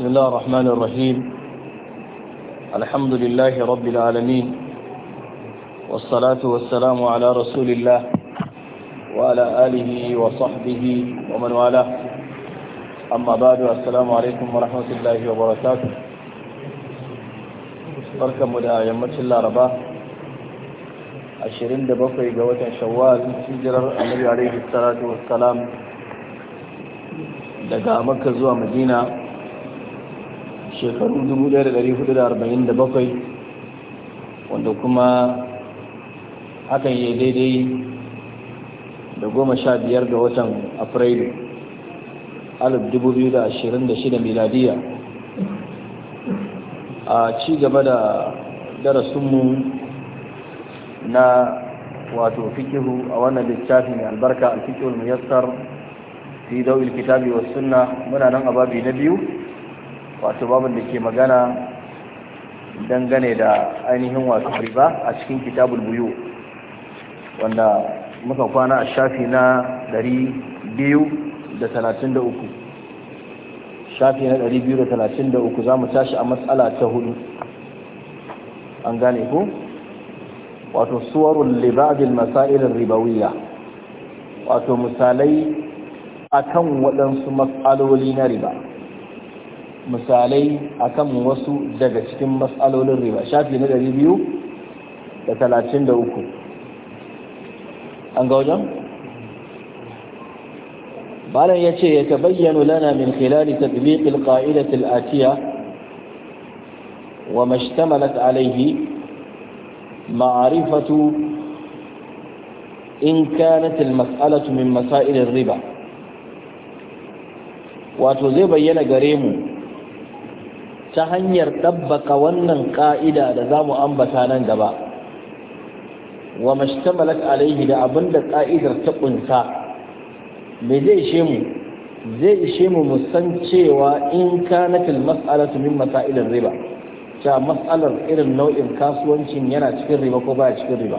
بسم الله الرحمن الرحيم الحمد لله رب العالمين والصلاة والسلام على رسول الله وعلى آله وصحبه ومن والاه أما بعد السلام عليكم ورحمة الله وبركاته barkanmu da yammacin laraba 27 ga watan shawwal hijirar annabi alaihi salatu wassalam daga makka zuwa madina shekarun 1447 wanda kuma hakan ya daidai da goma sha biyar da watan afrilu 2026 miladiya a ci gaba da darasinmu na wato fikihu a wannan littafin mai albarka alfikihul yassar fi dawil kitabi wasu sunna muna nan a babi na biyu wato babin da ke magana dangane da ainihin wato riba a cikin kitabul buyu wanda muka kwana a shafi na 233 shafi na 233 za mu tashi a matsala ta hudu an gane ku wato suwarun libabin masailin ribawiya wato misalai akan waɗansu matsaloli na riba misalai kan wasu daga cikin matsalolin riba shafi na ɗari biyu da talatin da uku an ga wajen? ya ce ya bayyana lana min khilali tatbiqil qa'idatil atiya wa mashtamalat alaihi ma'arifatu إن كانت المسألة min مسائل riba. wato zai bayyana gare mu ta hanyar ɗabbaka wannan ƙa'ida da za mu ambata nan gaba wa mashtamalat alaihi da abinda ƙa'idar ta ƙunsa me zai ishe mu zai ishe mu musan cewa in kanatil mas'alatu min masailin riba ta mas'alar irin nau'in kasuwancin yana cikin riba ko baya cikin riba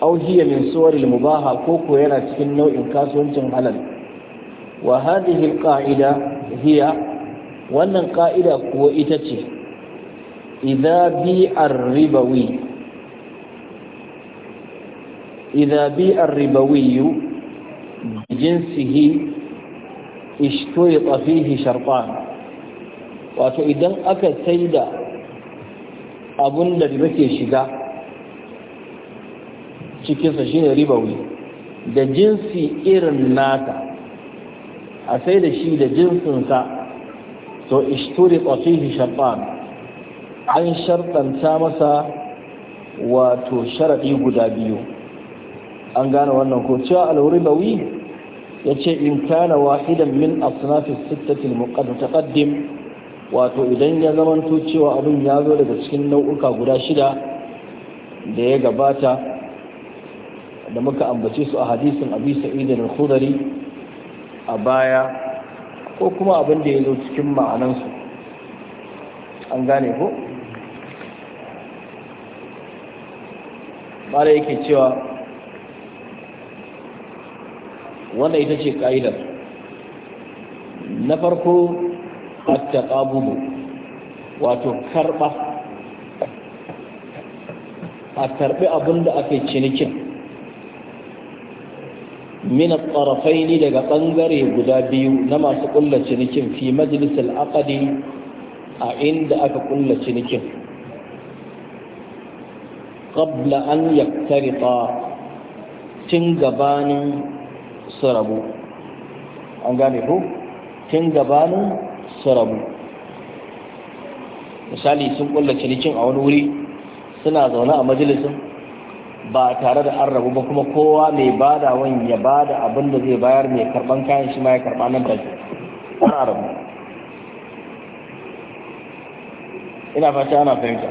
aw hiya min suwaril mubaha ko ko yana cikin nau'in kasuwancin halal wa hadhihi alqa'ida hiya wannan ƙa'ida kuwa ita ce idha bi ar-ribawi idha bi ar-ribawi jinsihi ishtoi tafihi sharqan wato idan aka saida abun da riba ke shiga cikinsa shine ribawi da jinsi irin nata a sai da shi da jinsinsa to ishturi fihi shartan an shartanta masa wato sharaɗi guda biyu an gane wannan ko cewa al ya yace in kana wahidan min asnafi sittati muqaddim wato idan ya zamanto cewa abin ya zo daga cikin nau'uka guda shida da ya gabata da muka ambace su a hadisin abi sa'id al a baya ko kuma abin da ya zo cikin ma'anansu an gane ko mara yake cewa wanda ita ce ƙa'idar na farko a wato karɓa a karɓi abin da aka cinikin min tsarafaini daga ɓangare guda biyu na masu ƙulla cinikin fi majalisar aƙadi a inda aka ƙulla cinikin ƙabla an yaktariƙa tun gabanin su rabu an gane ko tun gabanin su rabu misali sun ƙulla cinikin a wani wuri suna zaune a majalisun ba tare da an rabu ba kuma kowa mai bada wani ya bada abin da zai bayar mai karban kayan shi ma ya karba nan da har ana rabu ina fata ana fahimta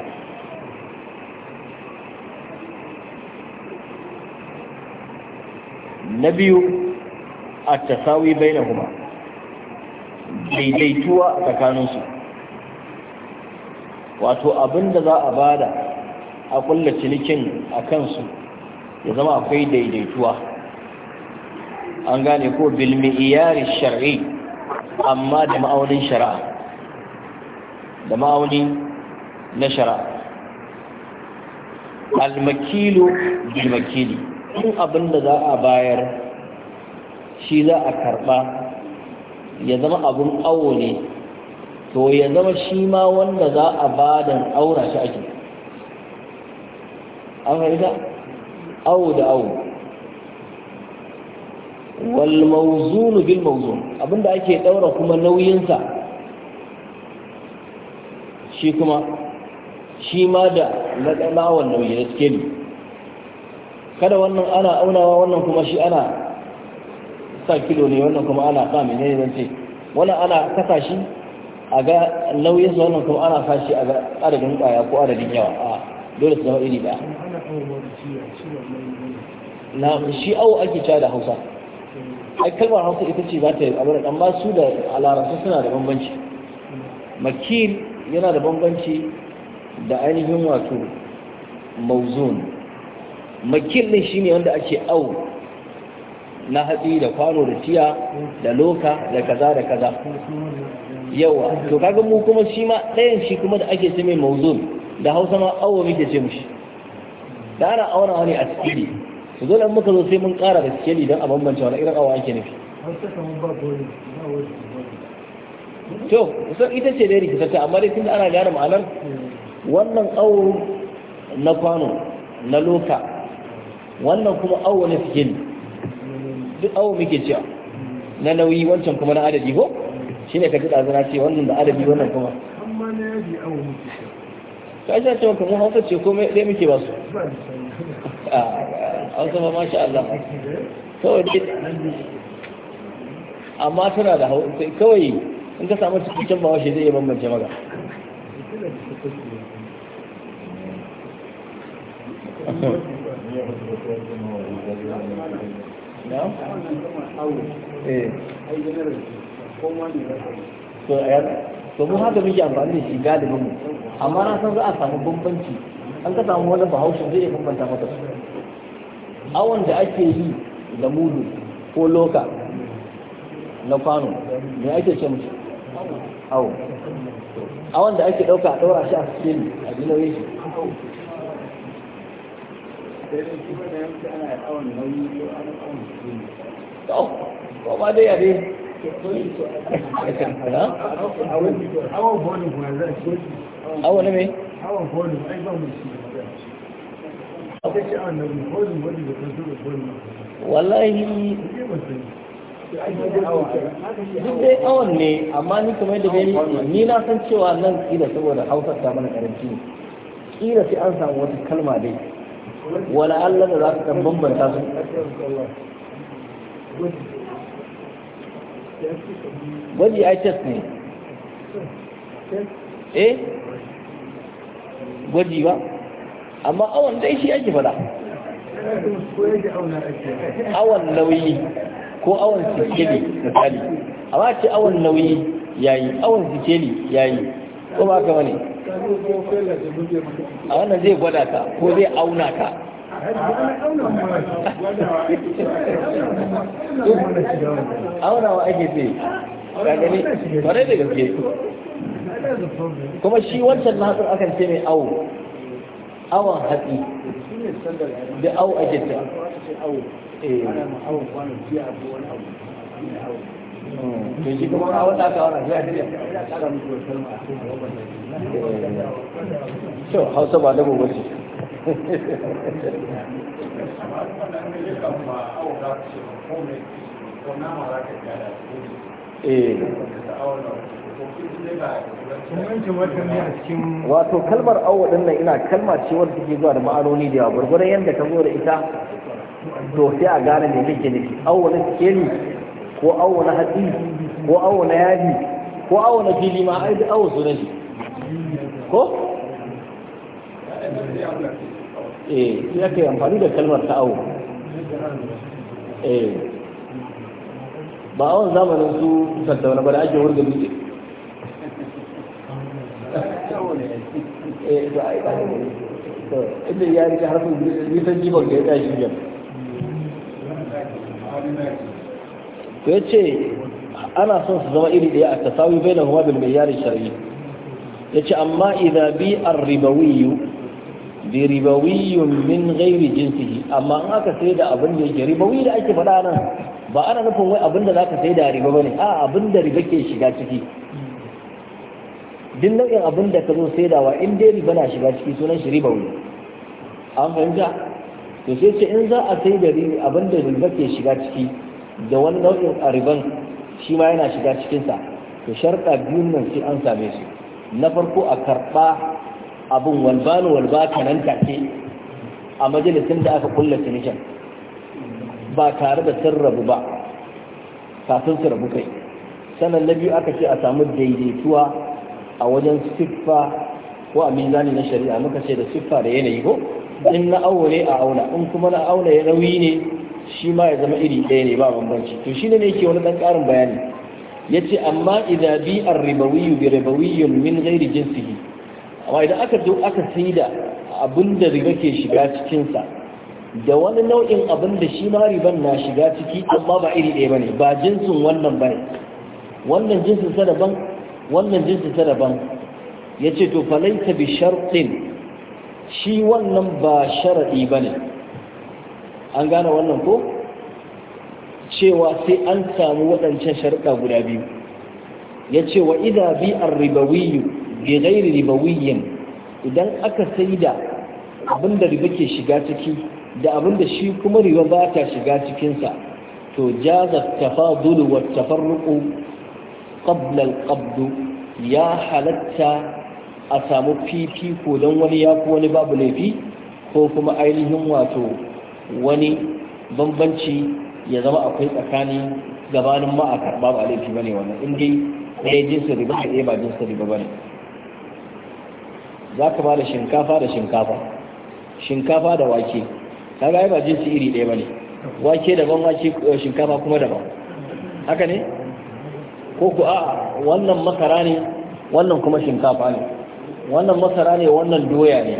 na biyu a tasawi bai na kuma daidaituwa tsakaninsu wato abin da za a bada a kulla cinikin a kansu ya zama akwai daidaituwa an gane ko iyari shari'i amma da ma'aunin shari'a da ma'auni na shari'a almakilu bilmakili in abin da za a bayar shi za a karba ya zama abin awo ne to ya zama shi ma wanda za a badan aura shi ake an haida awo da awo wal mawzunu bil abinda ake daura kuma nauyinsa shi kuma shi ma da matsalawan nauyi na skeli kada wannan ana aunawa wannan kuma shi ana sa kilo ne wannan kuma ana sa mene ne zance wannan ana kasa shi a ga nauyinsa wannan kuma ana sa shi a ga adadin kwaya ko adadin yawa dole su zama iri daya na shi awo ake cewa da hausa ai kalmar hausa ita ce za ta yi amurka amma su da alarabta suna da bambanci makil yana da bambanci da ainihin wato mauzun makil shi ne wanda ake awo na hatsi da kwano da tiya da loka da kaza da kaza yawa to kaga mu kuma shi ma ɗayan shi kuma da ake su mai mauzun da hausa ma awo muke ce mushi da ana auna wani a sikeli su zo dan muka zo sai mun kara da sikeli don a bambance wani irin awa ake nufi to kusan ita ce dai rikitarta amma dai tun da ana gane ma'anar wannan awo na kwano na loka wannan kuma awo na sikeli duk awo muke cewa na nauyi wancan kuma na adadi ko shine ka ji ɗazana ce wannan da adadi wannan kuma amma na yadi awo muke cewa ka shi ce kuma hausa ce komai dai muke ba su a hausa ba masha Allah kawai dai amma tana da hau kawai in ka samu cikin ba shi zai iya bambance maka Yeah. to mu haka muke amfani da shi galibin mu amma na san za a samu bambanci an ka samu wani bahaushe zai iya bambanta maka su awon da ake yi da mudu ko loka na kwano me ake ce musu awo awon da ake ɗauka a ɗaura shi a cikin a jinawe shi ko ba dai a dai awon na me? awon ai ba mu shi wallahi duk dai awon ne amma ni kamar da gani ni na san cewa nan kila saboda hausar ta mana karanci kila sai an samu wata kalma dai wala Allah da za ka bambanta su gwaji a test ne eh gwaji ba amma awon dai shi ake fada awon nauyi ko awon sikeli misali amma ce awon nauyi yayi awon sikeli yayi ko ba ka wani? a wannan zai gwada ka ko zai auna ka aunawa ake ce ka gani kuma shi wancan na hatsin akan ce mai awo awon hatsi da awo ake ce eh. to shi kuma a wata zai da ya hausa ba da Eh. wato kalmar awo din nan ina kalma ce wanda take zuwa da ma'anoni da yawa gurgurar yadda ka zo da ita to sai a gane me kake nufi awo na sikeli ko awo na hatsi ko awo na yadi ko awo na fili ma ai awo su ne ko eh sai aka yi amfani da kalmar ta'awu eh ba a wani zamanin su tattauna ba da ake wurga dutse eh to ai ba ya rike harfin nisan jibon da ya tashi biyar to ya ce ana son su zama iri ɗaya a tasawi bai na kuma bilmiyar shari'i ya ce amma idabi arribawiyu bi ribawiyyun min ghairi jinsihi amma in aka sai da abin da yake ribawi da ake faɗa nan ba ana nufin wai abin da zaka sai da riba bane a abin da riba ke shiga ciki duk nau'in abin da ka zo saidawa in dai riba na shiga ciki sunan shi ribawi an fahimta to sai ce in za a sai da abin da riba ke shiga ciki da wani nau'in a riban shi ma yana shiga cikinsa to sharɗa biyun nan sai an same su na farko a karɓa abin walbano walbaka nan take a majalisun da aka kulla tunishan ba tare da sun ba kafin su rabu kai sanan na biyu aka ce a samu daidaituwa a wajen siffa ko a mizani na shari'a muka ce da siffa da yanayi ko in na aure a auna in kuma na auna ya nauyi ne shi ma ya zama iri ɗaya ne ba bambanci to shi ne ne wani ɗan ƙarin bayani ya ce amma idan bi ribawiyu bi ribawiyyun min gairi jinsihi amma idan aka zo aka saida abin da riba ke shiga cikinsa da wani nau'in abin da shi ma riban na shiga ciki amma ba iri ɗaya ba ne ba jinsin wannan ba ne wannan jinsin sa daban wannan jinsin sa daban ya ce to falaita bi sharɗin shi wannan ba sharaɗi ba ne an gane wannan ko cewa sai an samu waɗancan sharɗa guda biyu ya ce wa idabi arribawiyu bi ghairi ribawiyyin idan aka saida abinda riba ke shiga ciki da abinda shi kuma riba ba ta shiga cikinsa to jaza tafadul wa tafarruqu qabla al-qabd ya halatta a samu fifiko don wani ya wani babu laifi ko kuma ainihin wato wani bambanci ya zama akwai tsakanin gabanin ma a karɓa ba laifi ne wannan in dai ɗaya jinsin riba ɗaya ba jinsin riba ne. za ka ba da shinkafa da shinkafa shinkafa da wake ta ai ba jinsi iri ɗaya ba ne wake daban wake eh, shinkafa kuma daban haka ne ko ku a wannan masara ne wannan kuma shinkafa ne wannan masara ne wannan doya ne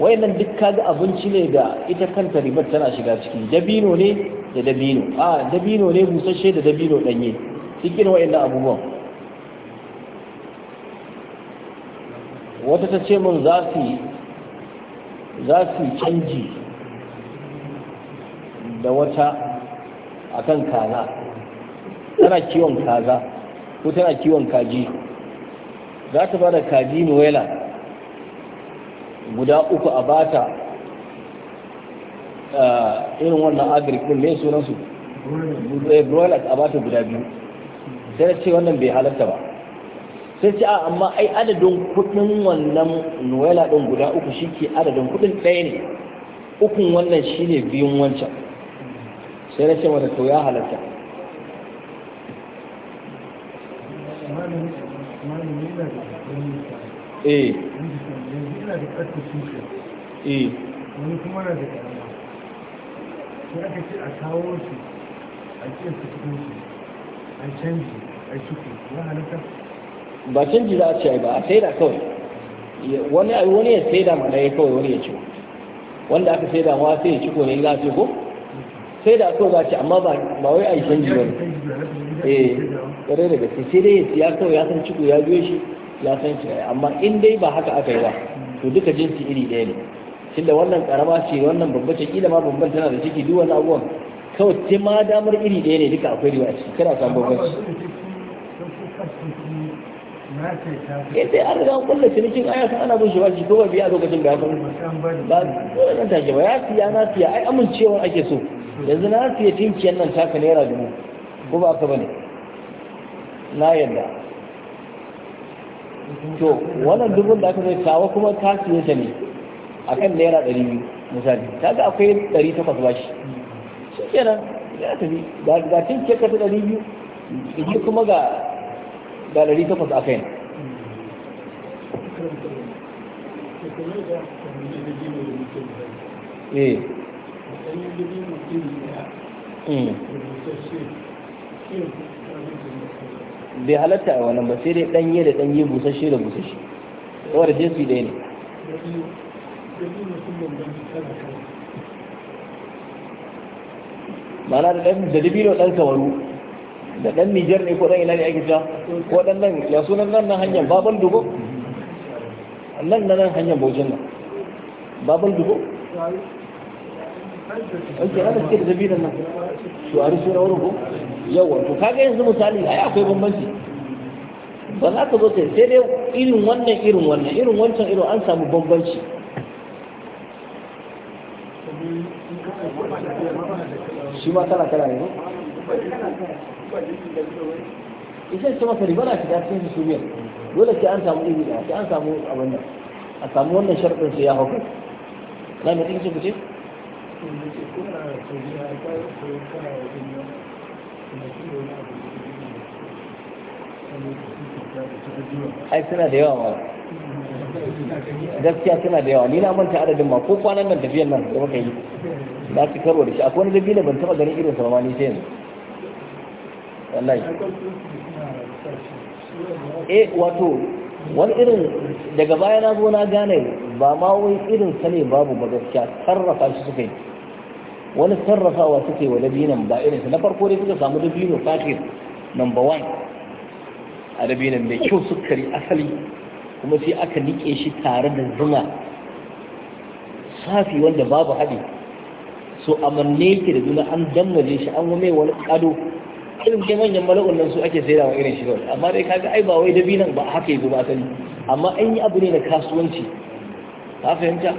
wayannan duk kaga abinci ne da ita kanta ribar tana shiga ciki dabino ne da dabino a dabino ne busasshe da dabino danye cikin wayannan abubuwan wata ta ce min za su canji da wata a kan kaza tana kiwon kaza ko tana kiwon kaji za ta ba da kaji nuwela guda uku a bata irin wannan agric din mai sunansu broiler eh, a bata guda biyu sai ce wannan bai halatta ba sai ce a amma ai adadin kudin wannan nuwela ɗin guda uku shi ke adadin kudin ɗaya ne ukun wannan shi ne biyun wancan sai na ce wata to ya halatta eh eh wani kuma na da ƙarama sai aka ce a kawo su a ce su cikin a canji a ciki ya halatta ba canji za a ce ba a saida kawai wani ya saida ma ya kawai wani ya ci wanda aka saida ma sai ya ci ko ne za a ce ko sai da kawai za ce amma ba wai a yi canji ba eh kare da gaske sai dai ya kawai ya san ciko ya biyo shi ya san shi amma in dai ba haka aka yi ba to duka jinsi iri ɗaya ne tunda wannan karama ce wannan babban ce kila ma babban tana da ciki duk wani abubuwan kawai sai ma damar iri ɗaya ne duka akwai riwa a ciki kana samun babban yadda an riga kulla cinikin aya san ana bin shi bashi ko ba biya lokacin da ya ba dole nan take ba ya siya na siya ai amincewa ake so yanzu na siya tinkiyan nan taka naira dubu ko ba ka bane na yadda to wannan dubun da aka zai tawa kuma ta siya ta ne akan naira ɗari biyu misali kaga akwai ɗari takwas bashi shi kenan ya tafi ga tinkiyar ka ta ɗari biyu kuma ga da ɗari takwas a kai eh. hmm. bai halatta a wannan ba sai dai ɗanye da ɗanye busasshe da busasshe da jesu ɗaya ne ma'ana da ɗan da dabino ɗan kawaru. da dan Nijar ne ko dan ina ne ake ja ko dan nan ya sunan nan nan hanyar babal dubo? nan nan hanyar bojin nan babal dubo ake ana suke da zabi nan nan shuwari suna wurin ko yawa to kaga yanzu misali ai akwai bambanci ba za ka zo ta sai dai irin wannan irin wannan irin wancan irin an samu bambanci shi ma kala kala ne ishe ce masa riba da shiga cikin shirya dole sai an samu ibi da sai an samu abin nan a samu wannan sharɗin sai ya hauka na mai ɗin ku ce? ai suna da yawa ma gaskiya suna da yawa ni na manta adadin ma ko kwanan nan tafiyan nan da muka yi na ci karo da shi akwai wani dabila ban taɓa ganin irin sa ma ni sai yanzu wallahi eh wato wani irin daga baya na zo na gane ba ma wai irin sa ne babu ba gaskiya sarrafa shi suka yi wani sarrafawa suke wa dabinan ba irin sa na farko dai suka samu dabino fatir number one a dabinan mai kyau sukari asali kuma sai aka nike shi tare da zuma safi wanda babu haɗi so amanne ke da zuma an danna shi an wame wani ƙado irin ke manyan mala'un nan su ake saida wa irin shi kawai amma dai kaga ai ba wai dabi nan ba haka yi ba sani amma an yi abu ne na kasuwanci ka fahimta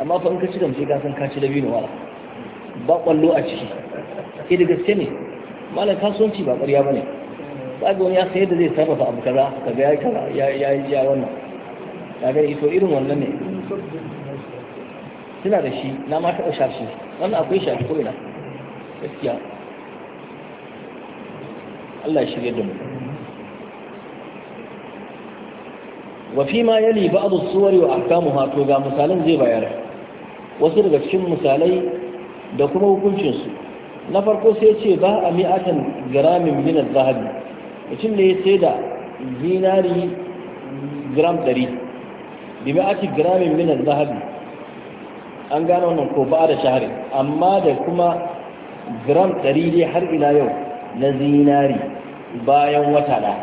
amma fa in ka ci gamshe ka san ka ci dabi na wala ba kwallo a ciki ke da gaske ne malam kasuwanci ba ƙarya ba ne ba ga wani ya sayar da zai sarrafa abu kaza kaga ya kaza ya ya wannan ya ga ito irin wannan ne suna da shi na ma taɓa shafi wannan akwai shafi ko ina gaskiya Allah shirye da mu wa fi ma yali ba'd as-suwar wa ahkamuha hato. ga misalan zai bayar wasu daga cikin misalai da kuma hukuncinsu, na farko sai ce ba a mi'atan giramin min az-zahabi mutum ne ya sai da zinari gram 100 bi mi'ati giramin min az-zahabi an gano wannan ko ba da shahari amma da kuma gram 100 dai har ila yau na zinari bayan wata da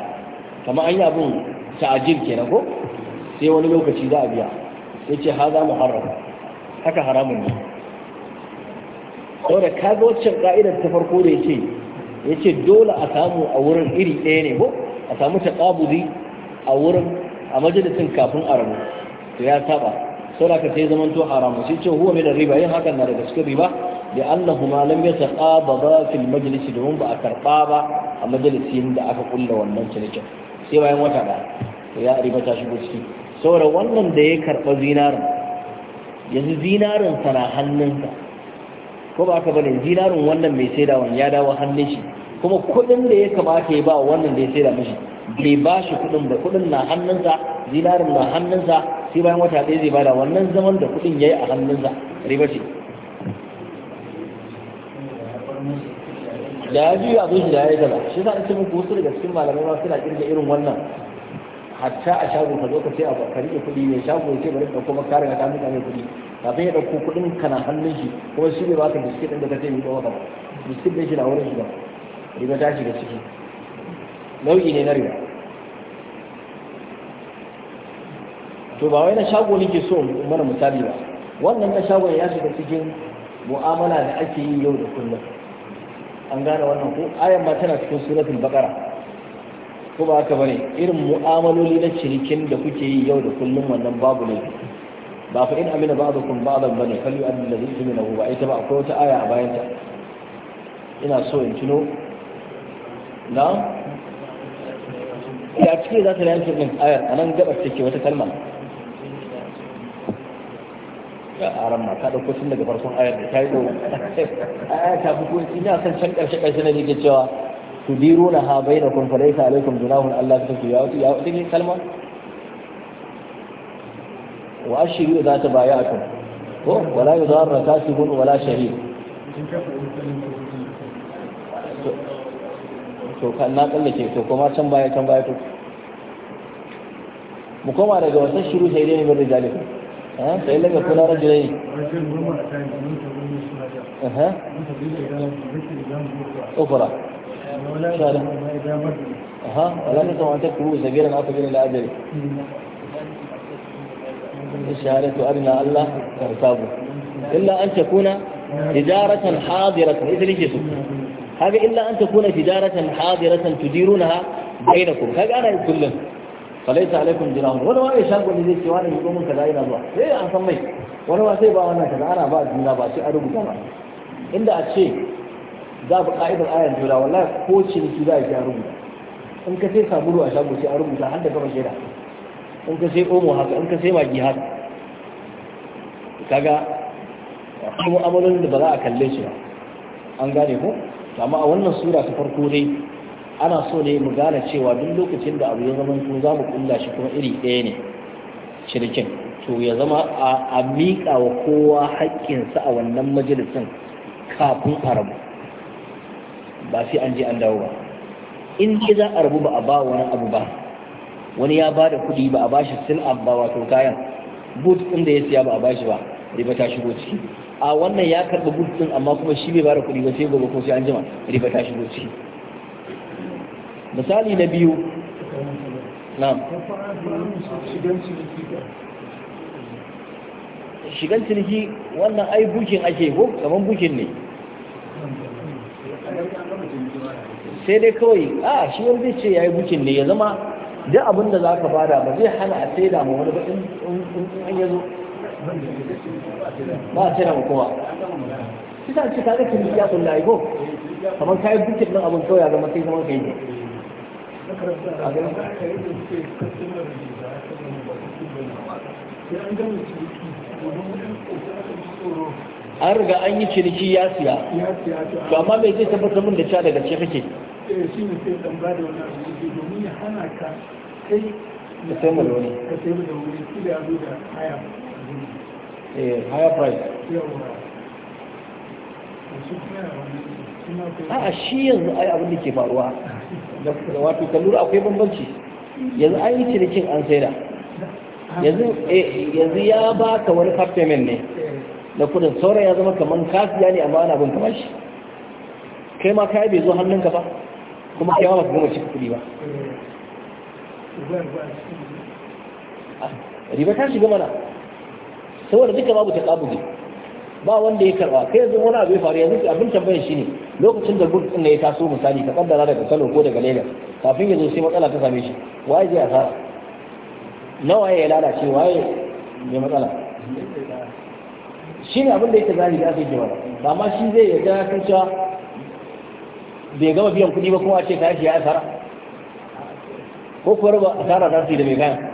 kamar an yi abin ta'ajir kenan ko sai wani lokaci za a biya sai ce haza haram haka haramun ne saboda ka ga waccan ka'idar ta farko da yake yace dole a samu a wurin iri ɗaya ne ko a samu ta ƙabuzi a wurin a majalisin kafin a rabu to ya saba sauraka sai zamanto haramun sai ce huwa da riba yin hakan na daga cikin riba da Allah ma lam yataqaba fil majlis domin ba a karba ba a majalisin da aka kulla wannan cinikin sai bayan wata da ya riba ta shigo ciki saboda wannan da ya karba zinarin yanzu zinarin sana hannunsa ko ba ka bane zinarin wannan mai saida wani ya dawo hannun shi kuma kuɗin da ya kamata ya ba wannan da ya bai ba shi kuɗin ba kuɗin na hannunsa zinarin na hannunsa sai wata bada wannan zaman da kuɗin ya yi a hannunsa riba ce da ya biyu a zo shi da ya yi gaba shi za a ce muku wasu daga cikin malamai ma suna kirga irin wannan hatta a shago ka zo ka ce abu ka rike kuɗi ne shago ya ce bari kuma maka ka ta mutane kuɗi kafin ya ɗauko kuɗin kana hannun shi kuma shi bai baka biskit ɗin da ka ce mi ɗauka ba biskit ɗin shi na wurin shi ba riba ta shiga ciki nau'i ne na riba to ba wai na shago nake so mana misali ba wannan na shago ya shiga cikin mu'amala da ake yi yau da kullum an gane wannan ko ayan ma tana cikin suratul baqara ko ba haka bane irin mu'amaloli na cinikin da kuke yi yau da kullum wannan babu ne ba fa in amina ba'dukum ba'dan bane kallu alladhi ladhi wa huwa ita ba akwai wata aya a bayanta ina so in tuno na ya cike za ta yanke min ayar anan gaba take wata kalma ya aran ma ka tun daga farkon ayar da ta yi dogo aya ta buko ina san can ƙarshe ƙarshe na yake cewa Su biro na ha na fa laysa alaikum junahun Allah ta ku ya wuce din kalma wa ashiru za ta baya a bayatu ko wala yudar kasibun wala shahid to kan na tsallake to kuma can baya can baya to mu koma daga wasan shiru sai dai ne bin rijalikum فإن لم يكن رجلين أها أخرى أها ولم يكن أن تكون سبيلا أو سبيلا إلى أجله الشهادة أرنا ألا ترتابوا إلا أن تكون تجارة حاضرة إذا ليش هذا إلا أن تكون تجارة حاضرة تديرونها بينكم هذا أنا أقول لهم falaita alaikum jirahun wani ma mai shagon zai ce wani hudu mun kaza yana zuwa sai an san mai wani ma sai ba wannan kaza ana ba juna ba sai a rubuta ba inda a ce za ku ka'idar ayar juna wallahi ko ce ciniki za a ji a rubuta in ka sai sabulu a shago sai a rubuta har da gama shaida in ka sai omo haka in ka sai magi haka kaga kuma amalin da ba za a kalle shi ba an gane ko amma a wannan sura ta farko dai ana so ne mu gane cewa duk lokacin da abu ya zama kuma za mu kulla shi kuma iri ɗaya ne shirkin to ya zama a miƙa wa kowa haƙƙinsa a wannan majalisin kafin a rabu ba sai an je an dawo ba in dai za a rabu ba a ba wani abu ba wani ya ba da kuɗi ba a ba shi sil ba wato kayan but ɗin da ya siya ba a ba shi ba riba ta shigo ciki a wannan ya karɓi but ɗin amma kuma shi bai ba da kuɗi ba sai gobe ko sai an jima riba ta shigo ciki misali na biyu na'am shigan ciniki wannan ai bukin ake ko kamar bukin ne sai dai kawai a shi wani zai ce ya yi bukin ne ya zama duk abin da za ka bada ba zai hana a sai damu wani baɗin in ya ba a sai damu kowa kisa ce ka ga ciniki ya kulla ko kamar ka yi bukin nan abin kawai ya zama sai zama kai ne an riga an yi ciniki ya siya to amma mai zai tabbatar min da cewa daga ce kake eh, shi ne ka kai ka sai mu wani ka price a shi yanzu ai abin da ke faruwa da wato ka akwai bambanci yanzu an yi cinikin an saida yanzu eh, ya ba ka wani half ne Da kudin saura ya zama kamar kasiya ne amma ana bin kamar bashi kai ma kayi bai zo hannunka ba kuma kai ma ba su goma cikin kudi ba ah, riba ta shiga mana saboda duka babu ta kabuge ba wanda ya karba kai yanzu wani abu ya faru yanzu abin tambayar shi ne lokacin da gurɗin ne ya taso misali ka kaddara daga Kano ko daga Lagos kafin ya zo sai matsala ta same shi waye zai asara nawa ya lalace waye ya matsala shi ne abin da yake zahiri da ake ba ba ma shi zai yarda kan cewa bai gama biyan kuɗi ba kuma a ce kayan shi ya asara ko kuwa raba asara za su yi da mai kayan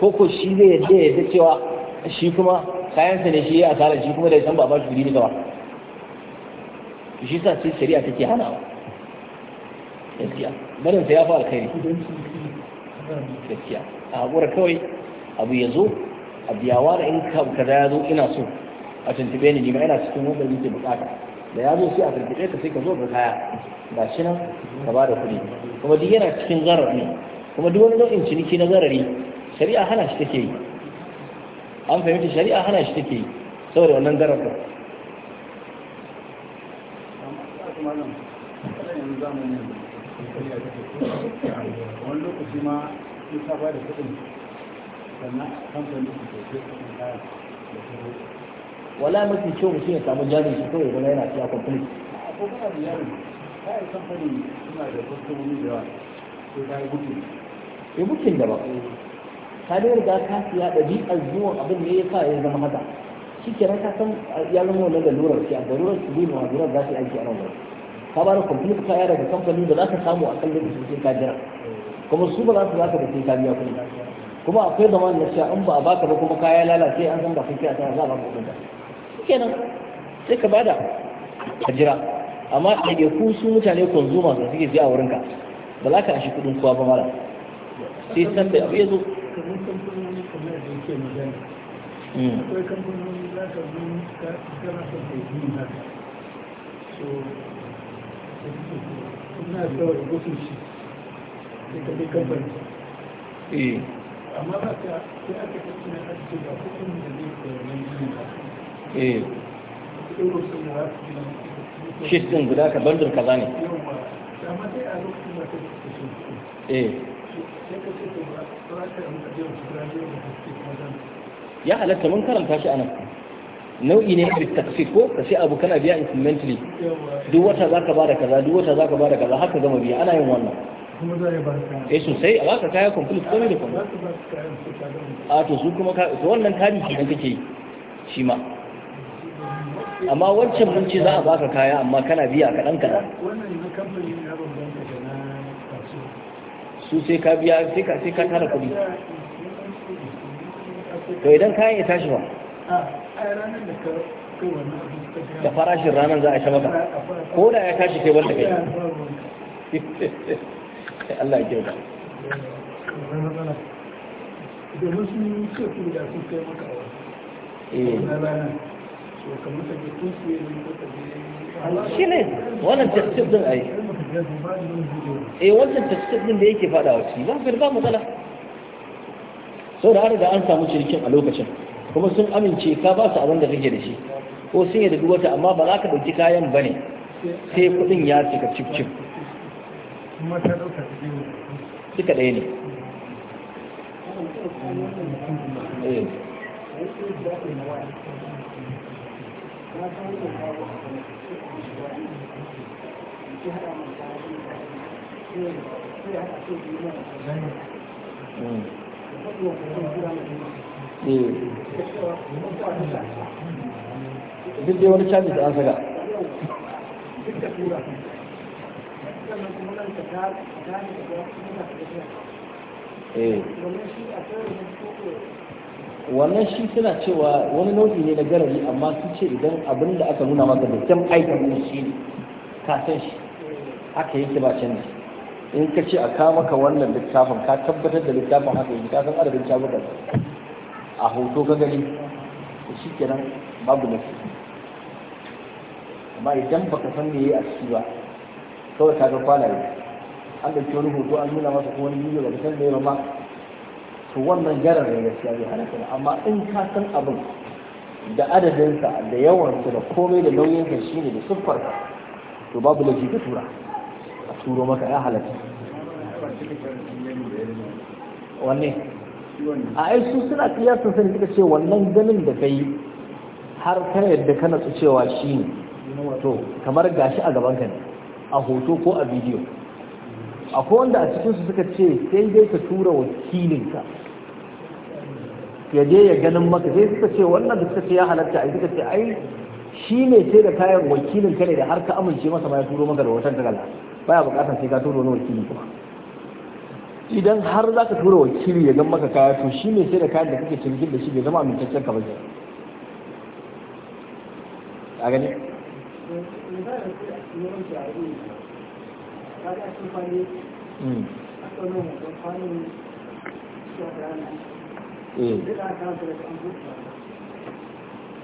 ko ko shi zai yarda ya yarda cewa shi kuma kayansa ne shi ya asara shi kuma da ya san ba ba shi kuɗi ne gawa shi sa sai shari'a take hanawa gaskiya barin sa ya fi alkhairi gaskiya a haƙura kawai abu ya zo a biya da in ka kaza ya zo ina so a tuntube ni ma ina cikin wanda nake buƙata. da ya zo sai a tuntube ka sai ka zo ka kaya Ga shi nan ka ba da kuɗi kuma duk yana cikin zarar ne kuma duk wani nau'in ciniki na zarari shari'a hana shi take yi an fahimci shari'a hana shi take saboda wannan zarafin ta ba da kudin sannan kamfanin wala mafi kyau mutum ya samu jarin shi kawai wani yana siya kwamfani ko kana da ta yi kamfani suna da kwastomomi da yawa sai ta yi bukin ya bukin da ba eh. ka da riga ka siya ɗabi'ar zuwan abin ne ya sa ya zama haka shi kenan ka san ya zama wannan da lura shi, a da su biyu ma'azurar za su yi aiki a nan ka ba da kwamfuta kaya daga kamfanin da za ka samu a kan lokacin sai ka jira kuma su ba za su zaka da sai ka biya kuɗi kuma akwai zaman na cewa in ba a baka ba kuma kaya lalace an san ba kai a tana za a baka kuɗin ka shi kenan sai ka bada ka jira amma a ku su mutane konzuma da suke biya a wurinka ba za ka ashe kuɗin kowa ba mara sai san da abu ya zo kamar kamfanoni kamar da yake magana hmm. akwai kamfanoni za ka zo kana son ka yi haka so ina tsawar gudun shi sai ka kamfani eh. amma ba ka sai aka kasu na aiki ba kudin da zai koyarwar yi ba shi sun guda ka bandar kaza ne eh ya halatta mun karanta shi a nan nau'i ne da taksir ko ka sai abu kana biya incrementally duk wata za ka bada kaza duk wata za ka bada kaza haka gama biya ana yin wannan eh sosai a baka kaya complete komai da komai a to su kuma ka to wannan kari kenan kake yi shi ma amma wancan mun ce za a baka kaya amma kana biya kaɗan kaɗan wannan bambanta su sai ka biya sai ka tara kuɗi to idan kayan ya tashi ba da farashin ranar za a sha maka ko da ya tashi kai wanda kai Allah ya domin sun da sun kai maka shi ne wannan tafsir din ai eh wannan tafsir din da yake faɗa wa shi ba ba matsala sau da an an samu shirkin a lokacin kuma sun amince ka ba su abin da kake da shi ko sun yi da duwata amma ba za ka ɗauki kayan ba ne sai kuɗin ya cika cif cif duka ɗaya ne eh duk dai wani canji da an saka eh wannan shi suna cewa wani nau'i ne na garari amma su ce idan abin da aka nuna maka da kyan aikin ne shi ne ka san shi haka yake ba canji in ka ce a ka maka wannan littafin ka tabbatar da littafin haka yanzu ka san adadin shafukan a hoto ka gani shi kenan babu su amma idan baka san me yayi a ciki ba kawai ka ga kwalaye an dauki wani hoto an nuna masa ko wani bidiyo ba ka san me ba su wannan jarar ne gaskiya bai halatta ba amma in ka san abin da adadinsa da yawansa da komai da nauyinsa ne da ka, to babu laifi ka tura a turo maka ya halatta wanne a ai su suna kiyasin sani suka ce wannan ganin da kai har ka yadda ka su cewa shi ne to kamar gashi a gaban ka ne a hoto ko a bidiyo akwai wanda a cikinsu suka ce sai dai ka tura wakilinka ya je ya ganin maka sai suka ce wannan da suka ce ya a ai suka ce ai shi ne sai da kayan wakilin ka ne da har ka amince masa ma ya turo maka da wata takarda baya bukatar sai ka turo na wakili kuma idan har za ka tura wakili ya gan maka kaya to shi ne sai da kayan da kake cikin da shi bai zama amintaccen ka ba ke a gani Mm. Eh.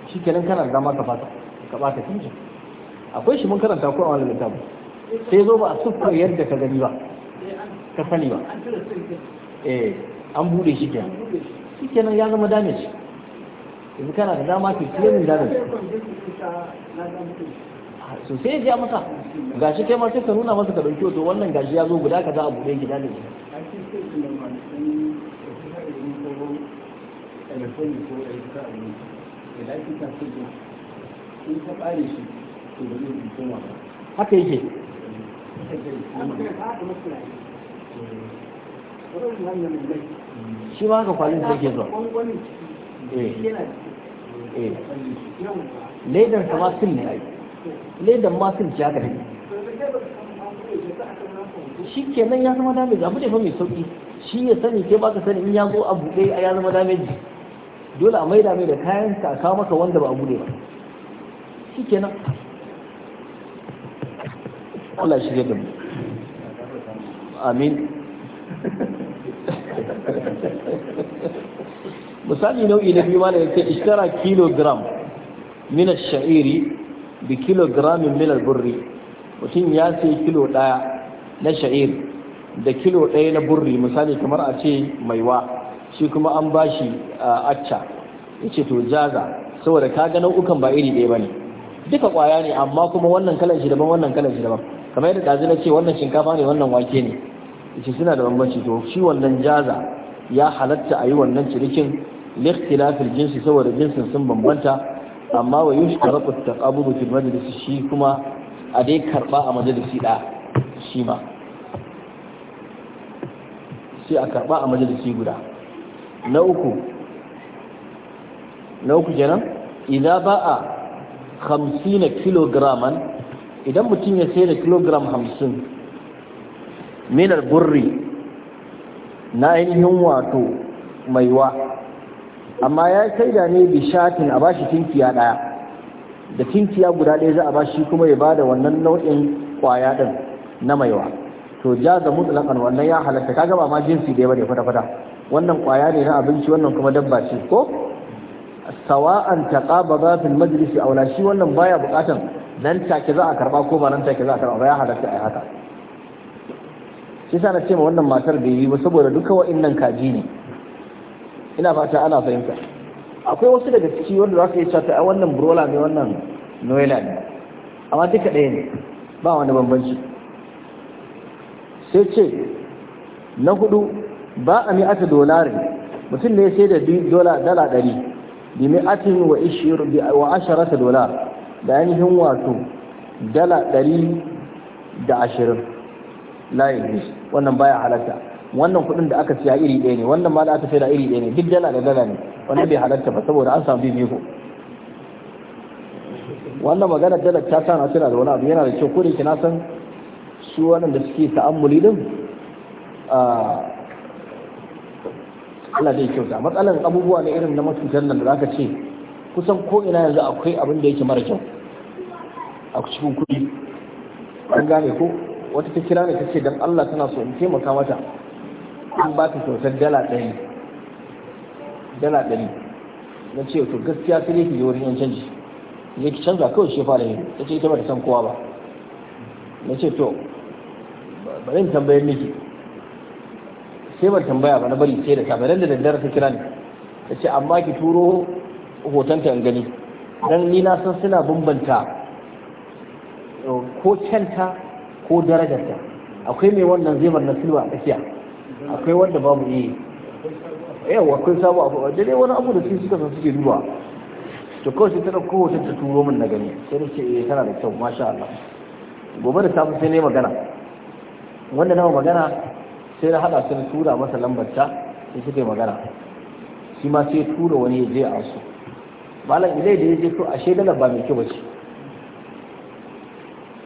shi kenan kana da maka fata ka baka tinjin akwai shi mun karanta ko a wani littafi sai zo ba a sufar yadda ka gani ba ka sani ba eh an bude shi kenan shi kenan ya zama damage yanzu kana da dama ke mun damage so sai ya ji masa gashi kai ma sai ka nuna masa ka dauki wato wannan gashi ya zo guda kaza a bude gida ne sani ko da ita a ta ce in ta shi to ba zai yi koma ba haka yake shi kwalin da ke zuwa eh. Eh. ledan sa ma sun ne ai ledan ma sun ci haka take shi nan ya zama dame da abu fa mai sauki shi ya sani ke baka sani in ya zo a buɗe ya zama dameji dole a maida mai da kayan ka kawo maka wanda ba a bude ba shi nan Allah shi da mu amin misali nau'i na biyu mana yake ishtara kilogram min ash-sha'iri bi kilogram min burri mutum ya sai kilo daya na sha'ir da kilo daya na burri misali kamar a ce maiwa shi kuma an bashi acca ce to jaza saboda ka ga nau'ukan ba iri ɗaya ba ne, duka ƙwaya ne amma kuma wannan kalan shi daban wannan kalan shi daban kamar yadda ɗazu na ce wannan shinkafa ne wannan wake ne ce suna da bambanci to shi wannan jaza ya halatta a yi wannan cirikin likhtilafil jinsi saboda jinsin sun bambanta amma wa yushtaratu taqabudu fil majlis shi kuma a dai karɓa a majalisi da shi ma sai a karɓa a majalisi guda na uku na uku kenan idza ba'a 50 kilograman idan mutum ya sai da kilogram 50 minar burri na ainihin wato maiwa amma ya da ne bishatin a bashi tinkiya daya da tinkiya guda ɗaya za a bashi kuma ya bada wannan nau'in kwaya din na maiwa to ja da mutlaqan wannan ya halatta kaga ma jinsi da ya bane fata fata wannan kwaya ne na abinci wannan kuma dabba ce ko sawa'an ba fil majlis aw la shi wannan baya bukatan nan take za a karba ko ba nan take za a karba ba ya halatta ai haka shi sa na ce ma wannan matar bai yi ba saboda duka wa'annan kaji ne ina fata ana fahimta akwai wasu daga ciki wanda za ka yi a wannan brola ne wannan noela ne amma duka ɗaya ne ba wani bambanci sai ce na hudu ba a mi'ata dolari mutum ne sai da dala ɗari bi mi'atin wa asharata dolar da ainihin wato dala ɗari da ashirin layin wannan baya halatta wannan kuɗin da aka siya iri ɗaya ne wannan ma da aka siya da iri ɗaya ne duk dala da dala ne wannan bai halatta ba saboda an samu bibiko wannan magana dala ta na suna da wani abu yana da kyau ko da na san su da suke ta'ammuli din ah, Allah zai kyauta matsalan abubuwa na irin na matutar nan da zaka ce kusan ko ina yanzu akwai abin da yake mara kyau a cikin kudi an gane ko wata ta kira ne ta ce dan Allah tana so in taimaka mata an ba ta kyautar dala ɗari dala ɗari na ce to gaskiya sai yake yi wurin yan canji ne ki canza kawai shi fara yi ta ce ita ba ta san kowa ba na ce to bari in tambayar miki sai ban tambaya ba na bari sai da safe dan da daddare ta kira ni ta ce amma ki turo hotonta in gani dan ni na san suna bambanta uh, ko canta ko darajarta akwai mai wannan zebar na silba a tsakiya akwai wanda babu yi yawa akwai sabu abu da dai wani abu da sun suka san suke duba to kawai sai ta ɗauko hoton ta turo min na gani sai da ce eh tana da kyau masha Allah gobe da safe sai ne magana wanda na magana sai na haɗa su na tura masa lambar ta sai suka yi magana shi ma sai tura wani ya je a su malam ilai da ya je to ashe dala ba mai kyau ce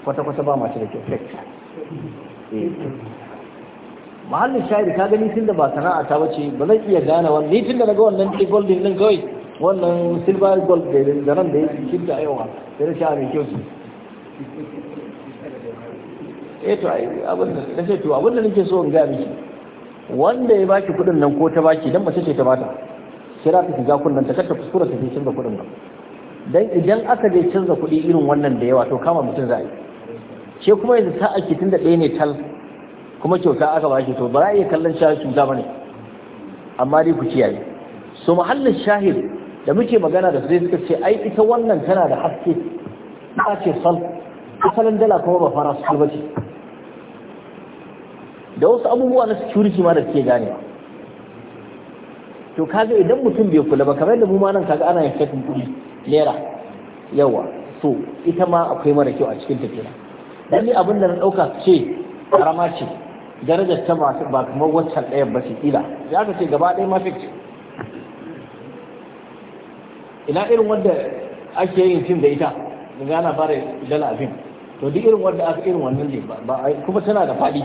kwata-kwata ba masu da kyau eh. mahallin shari ka gani tun da ba sana'a ta bace ba zan iya gane wani tun da daga wannan tea goldin din kawai wannan silver gold da nan da ya fi da yawa sai da sha mai kyau su eh to ai abin da kace to abin da nake so in ga miki wanda ya baki kudin nan ko ta baki dan mace ce ta bata kira ta shiga kunnan ta kata kuskura ta cikin da kudin nan dan idan aka je canza kudi irin wannan da yawa to kama mutum zai ce kuma yanzu ta aki tunda ɗaya ne tal kuma kyauta aka baki to ba za a iya kallon shi cuta bane amma dai ku kiyaye so muhallin shahid da muke magana da su sai suka ce ai ita wannan tana da haske ta ce sal asalin dala kuma ba fara su ba ce da wasu abubuwa na security ma da suke gane to kaga idan mutum bai kula ba kamar da mu ma nan kaga ana yin fakin kuɗi naira yawa so ita ma akwai mara kyau a cikin tafiya dan ni abin da na dauka ce karama ce darajar ta ba kamar waccan ɗaya ba ce kila ya ka ce gaba ɗaya ma fik ina irin wanda ake yin fim da ita daga ana fara dala fim to duk irin wanda aka irin wannan ne ba kuma tana da faɗi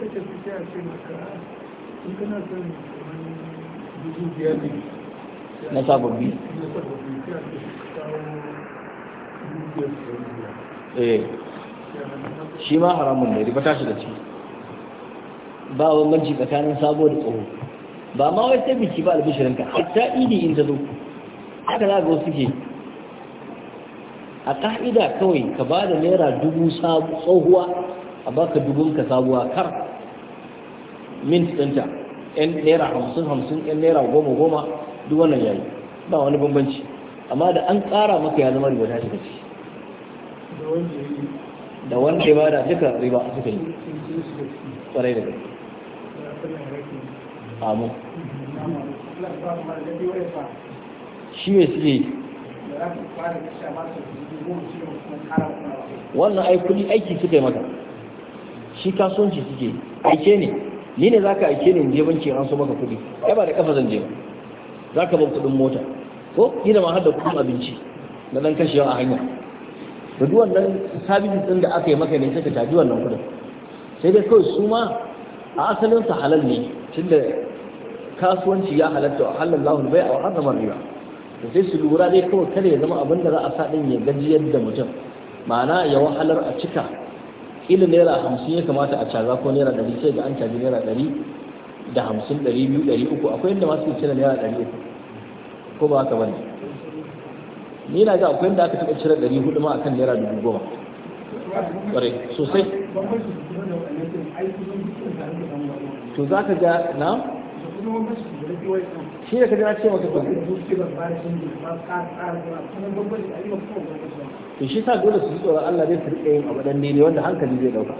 ka tafi ce na eh, ba tsakanin sabo da ba ma wai ta biki ba albishirinka hatta idi in ta zo aka za ga wasu ke a ka'ida kawai ka ba da naira dubu tsohuwa a baka dubun ka sabuwa kar mint ɗinta yan naira hamsin hamsin yan naira goma goma duk wannan yayi ba wani bambanci amma da an ƙara maka ya zama riba ta shiga ciki da wanda ya bada duka riba suka yi ƙwarai da gaske amu shi mai suke yi wannan ai aiki suka yi mata shi kasuwanci suke aike ne ni ne za ka aike ni je banki an so maka kuɗi ai ba da kafa zan je ba za ka ban kuɗin mota ko ni da ma har da kuɗin abinci na ɗan kashewa a hanya da duk wannan sabis ɗin da aka yi maka ne sai ka tafi wannan kuɗin sai dai kawai su ma a asalin sa halal ne tunda kasuwanci ya halatta wahalar lahun bai a zamar riba da sai su lura dai kawai kada ya zama abin da za a sa ɗin ya gajiyar da mutum ma'ana ya wahalar a cika ƙila naira hamsin ya kamata a caza ko naira ɗari sai ga an caji naira ɗari da hamsin ɗari biyu ɗari uku akwai yadda masu cire naira ɗari uku ko ba haka bane ni na ga akwai yadda aka taɓa cire ɗari hudu ma akan naira dubu goma ƙwarai sosai to za ka ga na shi ne kaji na ce maka to to shi sa dole su tsoron Allah zai su rike yin abu ne ne wanda hankali zai dauka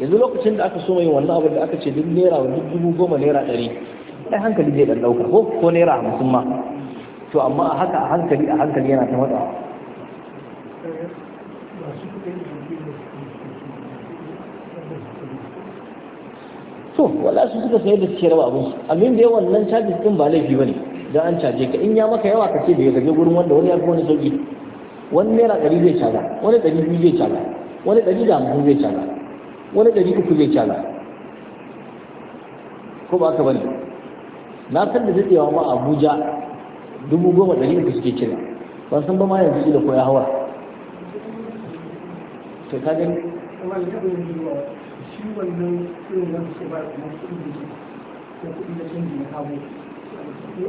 yanzu lokacin da aka so mai wannan abu da aka ce duk naira wa duk dubu goma naira ɗari ai hankali zai dan dauka ko ko naira hamsin ma to amma a haka a hankali a hankali yana ta matsawa to wala su suka sayar da suke raba su. Amin da yawan nan charges din ba laifi bane dan an caje ka in ya maka yawa ka ce da ya gaje gurin wanda wani ya fi wani sauki wani naira ɗari zai caga wani ɗari biyu zai caga wani ɗari da hamsin zai caga wani ɗari uku zai caga ko ba ka bane na san da daɗewa ma abuja dubu goma ɗari uku suke kira ban san ba ma yanzu da koya hawa ka gani shi wannan irin wanda suke ba kuma kuɗi da shi ko kuɗi da canji na kawo ko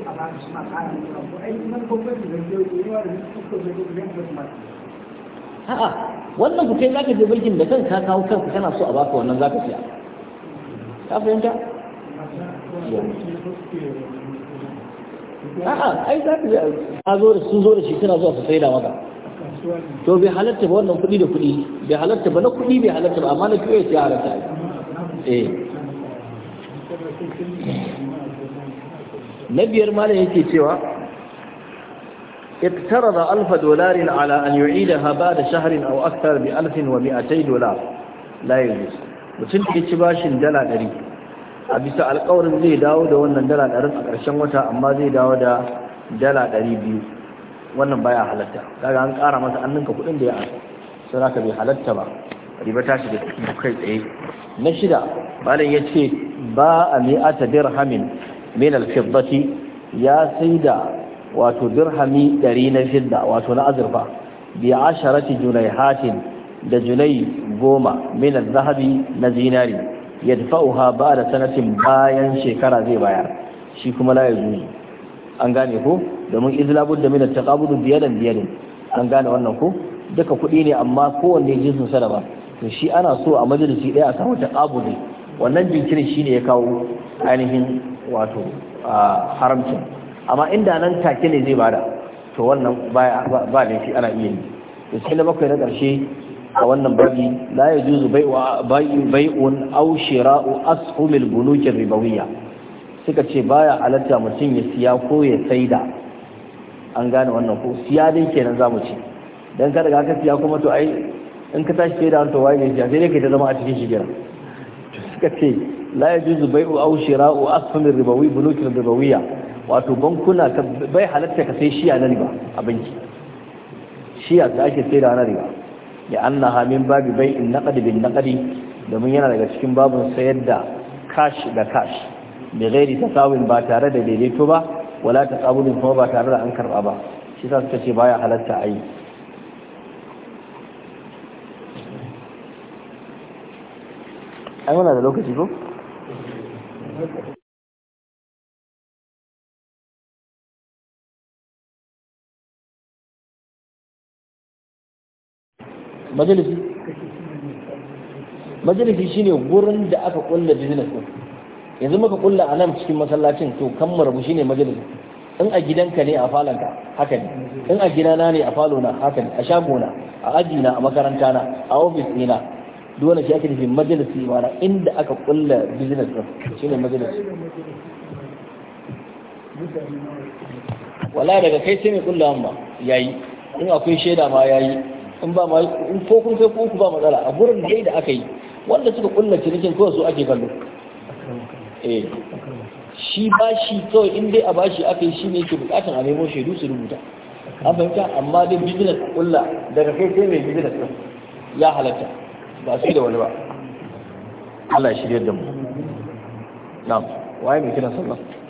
a ba shi ma ƙarin ai kuma da zai yawa da su ko zai a'a wannan ku kai za ka je bankin da kanka kawo kanka kana so a baka wannan za ka siya ka fahimta a'a ai za ka je a zo da sun zo da shi suna zuwa su da maka to bai halatta ba wannan kuɗi da kuɗi bai halatta ba na kuɗi bai halatta ba amma na POS ya halatta eh na biyar malam yake cewa alfa اقترض ألف دولار على أن يعيدها بعد شهر أو alfin wa ومئتي دولار لا يجوز mutum ke ci bashin dala ɗari a bisa alƙawarin zai dawo da wannan dala ɗarin a ƙarshen wata amma zai dawo da dala ɗari biyu wannan baya halatta kaga an ƙara masa an kuɗin da ya asa sai zaka bai halatta ba riba ta shiga cikin kai tsaye na shida malam ya ce ba a mi'ata dirhamin min al-fiddati ya saida wato dirhami ɗari na fidda wato na azurfa bi asharati junayhatin da junai goma min al-zahabi na zinari yadfa'uha ba da sanatin bayan shekara zai bayar shi kuma la yajuzu an gane ko domin izlabud da minar taqabudu biyadan biyadin an gane wannan ko duka kuɗi ne amma kowanne jinsin sa to shi ana so a majalisi ɗaya a samu taqabudi wannan jinkirin shine ya kawo ainihin wato haramcin amma inda nan take ne zai bada to wannan ba ba laifi ana iya yi to sai na bakwai na karshe a wannan babi la yajuzu bai'u bai'un aw shira'u ashumil bunukir ribawiyya suka ce baya alatta mutum ya siya ko ya saida an gane wannan ko siya din kenan za mu ce dan ka daga ka siya kuma to ai in ka tashi saida to waye ne siya sai dai kai ta zama a cikin shigira suka ce la yajuzu bai'u aw shira'u asfal ribawi bulukil ribawiyya wato bankuna ka bai halatta ka sai shiya na riba a banki shiya da ake saida na riba ya annaha min babi bai'in naqdi bin naqdi domin yana daga cikin babun sayar da kashi da kashi da gairi tasawin ba tare da daidaito ba wala tasawulin kuma ba tare da an karba ba shi sa suka ce baya halatta a yi ai muna da lokaci ko majalisi majalisi shine gurin da aka kulla business ɗin. yanzu muka kulla a nan cikin masallacin to kan mu shine majalis in a gidanka ne a falanka haka ne in a gidana ne a falona haka ne a shagona a ajina a makaranta na a ofis ɗina dole shi ake nufin ne, mana inda aka kulla business din shine majalis. wala daga kai sai mai kulla amma yayi in akwai shaida ma yayi in ba ma in ko kun kai ko ku ba matsala a gurin dai da aka yi wanda suka kulla cinikin ko su ake kallo eh shi bashi kawai in dai a bashi aka yi shi ne ke bukatan a nemo shaidu su rubuta an fahimta amma dai business kulla daga kai sai mai business ɗin ya halatta ba su da wani ba Allah shirya da mu na waye mai kira sallah